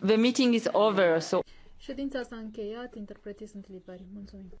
The meeting is over, so... Ședința s-a încheiat, interpretii sunt liberi. Mulțumim!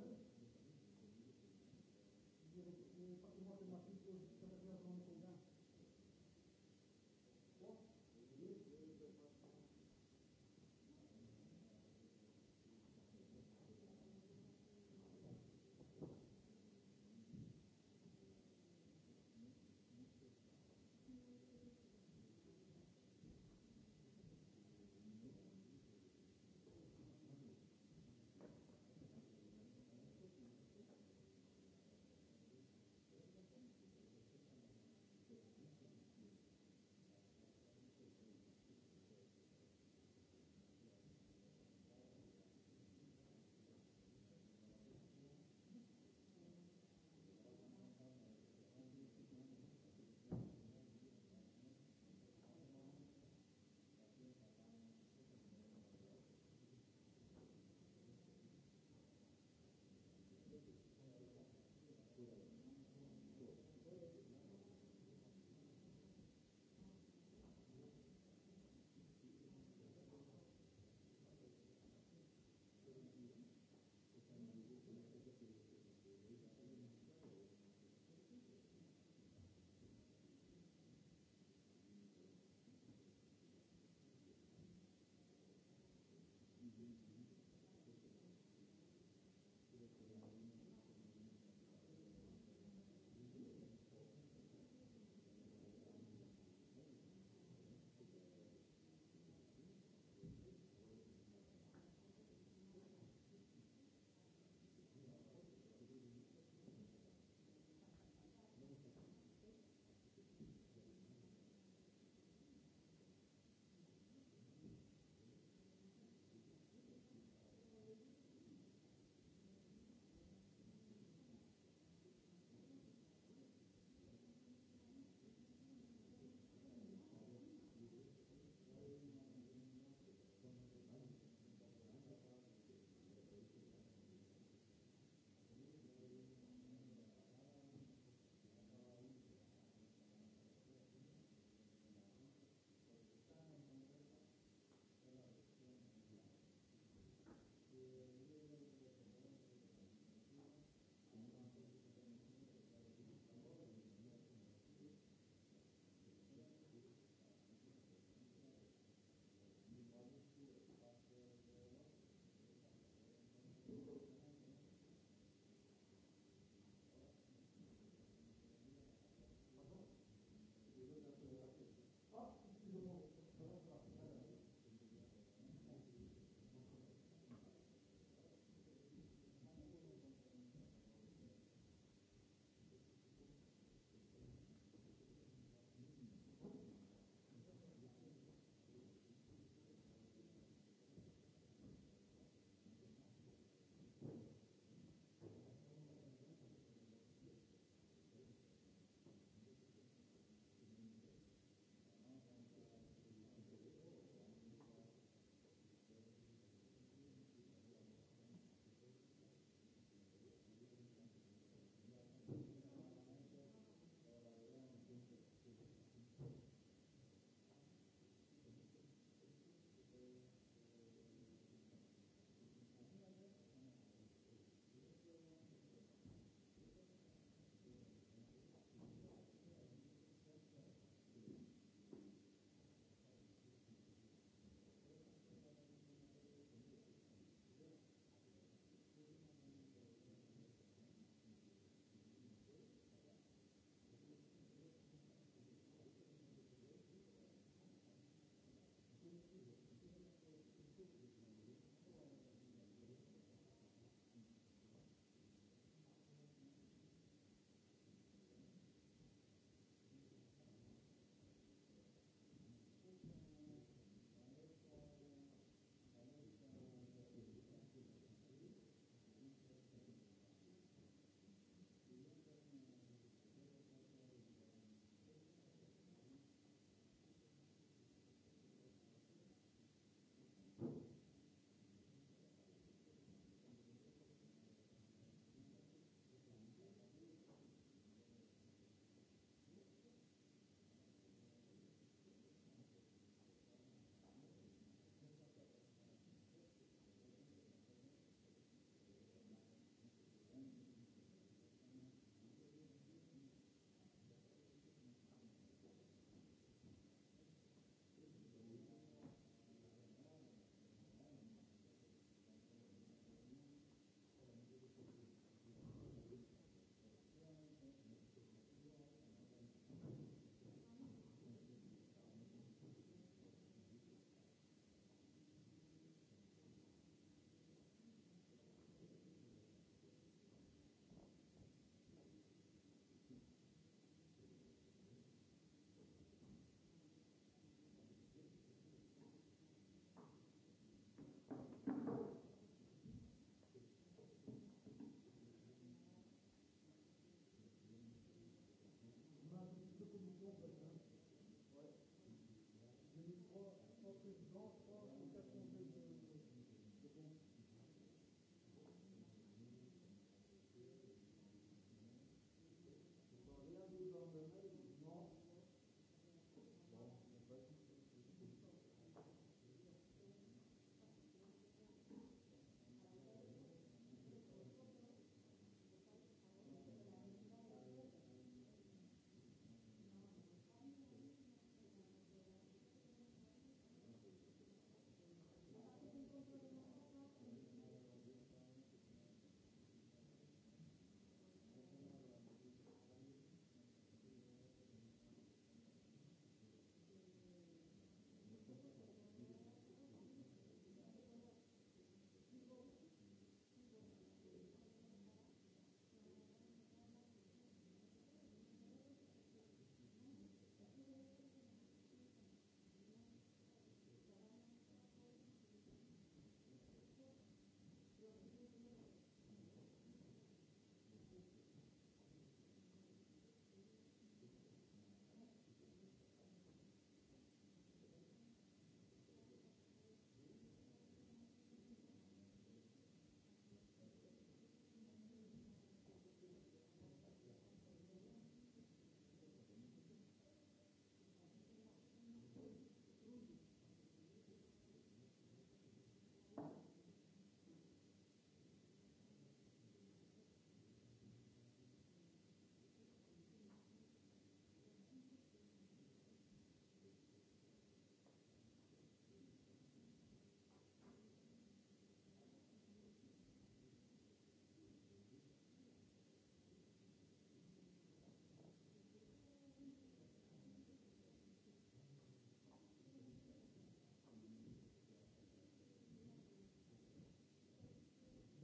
Thank you.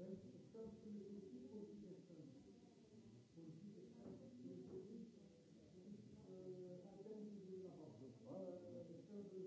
Thank you.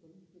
politică,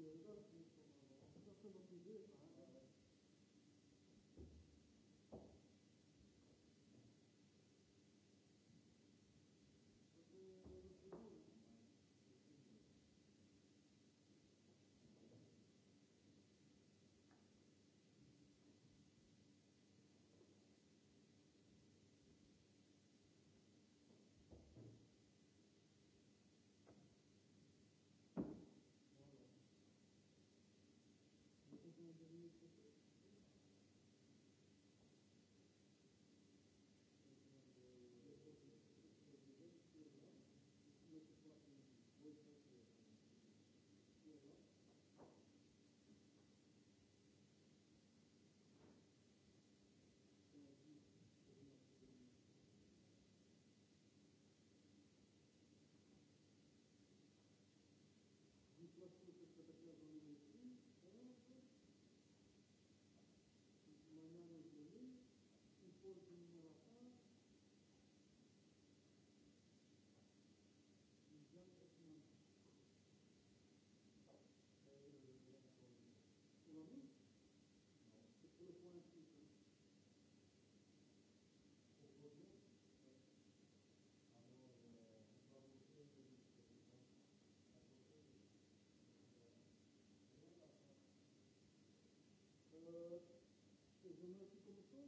Thank da? you. Dumnezeu Fiul Său,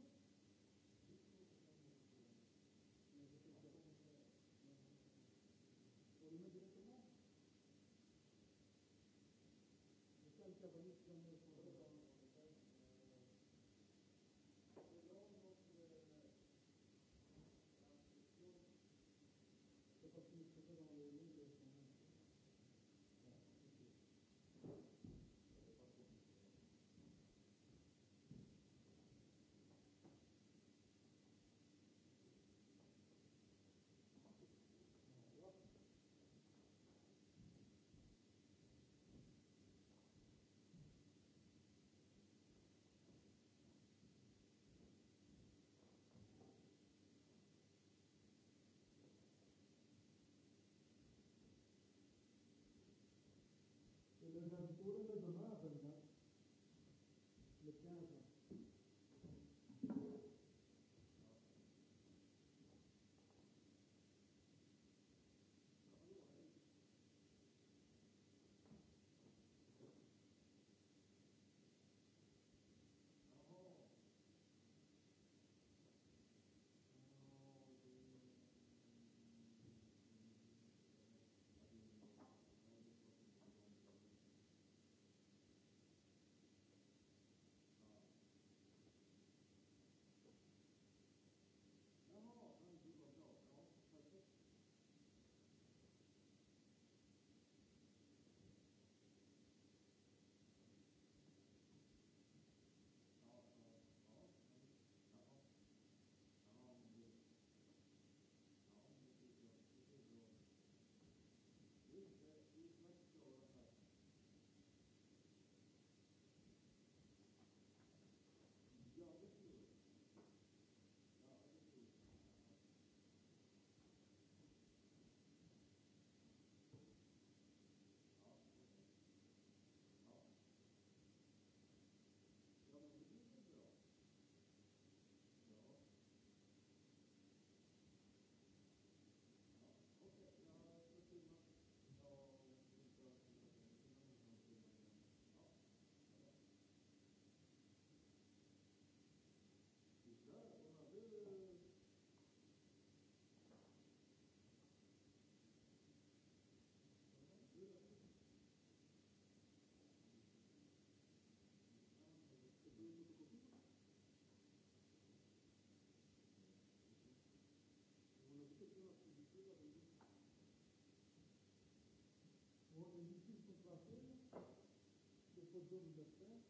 Dumnezeu